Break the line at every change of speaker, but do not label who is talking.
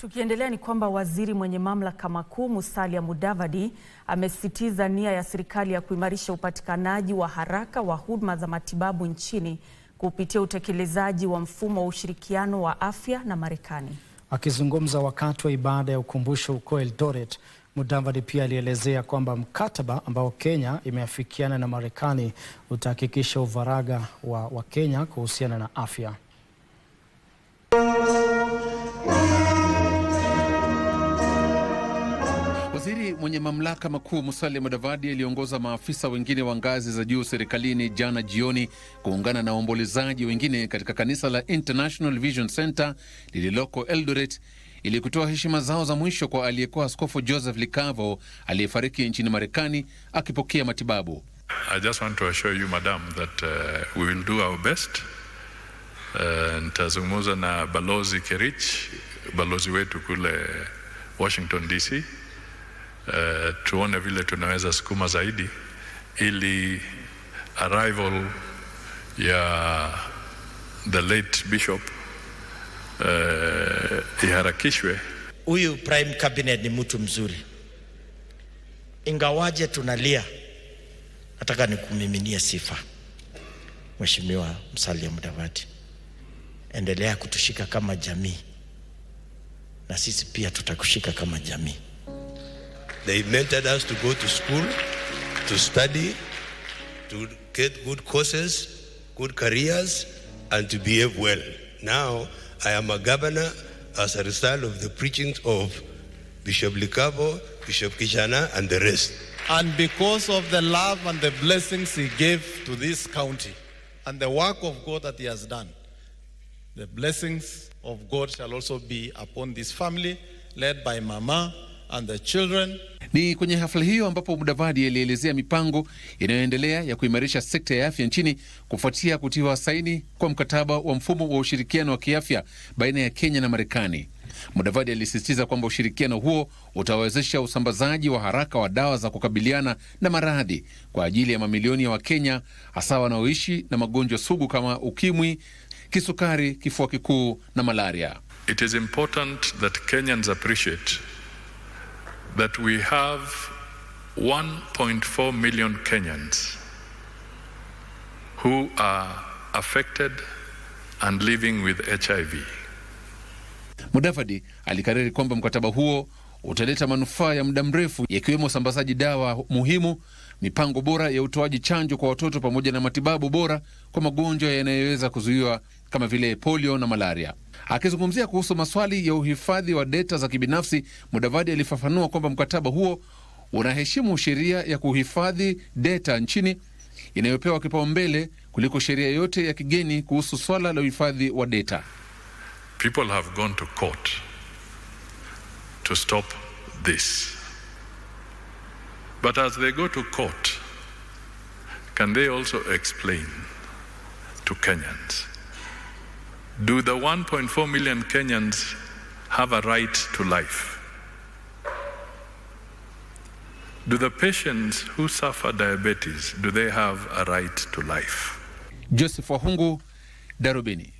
Tukiendelea ni kwamba waziri mwenye mamlaka makuu Musalia Mudavadi amesisitiza nia ya serikali ya kuimarisha upatikanaji wa haraka wa huduma za matibabu nchini kupitia utekelezaji wa mfumo wa ushirikiano wa afya na Marekani.
Akizungumza wakati wa ibada ya ukumbusho huko Eldoret, Mudavadi pia alielezea kwamba mkataba ambao Kenya imeafikiana na Marekani utahakikisha uvaraga wa Wakenya kuhusiana na afya. mwenye mamlaka makuu Musalia Mudavadi aliongoza maafisa wengine wa ngazi za juu serikalini jana jioni kuungana na waombolezaji wengine katika kanisa la International Vision Center lililoko Eldoret ili kutoa heshima zao za mwisho kwa aliyekuwa Askofu Joseph Likavo aliyefariki nchini Marekani akipokea matibabu.
I just want to assure you madam that uh, we will do our best. Uh, nitazungumza na Balozi Kerich, balozi wetu kule Washington DC. Eh, tuone vile tunaweza sukuma zaidi ili arrival ya the late bishop uh, iharakishwe.
Huyu prime cabinet ni mtu mzuri, ingawaje tunalia. Nataka nikumiminie sifa Mheshimiwa Musalia Mudavadi, endelea kutushika kama jamii, na sisi pia tutakushika kama jamii.
They mentored us to go to school, to study, to get good courses, good careers, and to behave well. Now I am a governor as a result of the preachings of Bishop Likavo, Bishop Kishana, and the rest.
And because of the love and the blessings he gave to this county and the work of God that he has done, the blessings of God shall also be upon this family led by Mama and the children.
Ni kwenye hafla hiyo ambapo Mudavadi alielezea mipango inayoendelea ya kuimarisha sekta ya afya nchini kufuatia kutiwa saini kwa mkataba wa mfumo wa ushirikiano wa kiafya baina ya Kenya na Marekani. Mudavadi alisisitiza kwamba ushirikiano huo utawezesha usambazaji wa haraka wa dawa za kukabiliana na maradhi kwa ajili ya mamilioni ya Wakenya, hasa wanaoishi na magonjwa sugu kama ukimwi, kisukari, kifua kikuu na malaria.
It is important that Kenyans appreciate that we have 1.4 million Kenyans who are affected and living with HIV.
Mudavadi alikariri kwamba mkataba huo utaleta manufaa ya muda mrefu yakiwemo usambazaji dawa muhimu mipango bora ya utoaji chanjo kwa watoto pamoja na matibabu bora kwa magonjwa yanayoweza kuzuiwa kama vile polio na malaria. Akizungumzia kuhusu maswali ya uhifadhi wa data za kibinafsi, Mudavadi alifafanua kwamba mkataba huo unaheshimu sheria ya kuhifadhi data nchini inayopewa kipaumbele kuliko sheria yote ya kigeni kuhusu swala la uhifadhi wa data.
People have gone to court to stop this. But as they go to court, can they also explain to Kenyans? Do the 1.4 million Kenyans have a right to life? Do the patients who suffer diabetes, do they have a right to life? Joseph Wahungu, Darubini.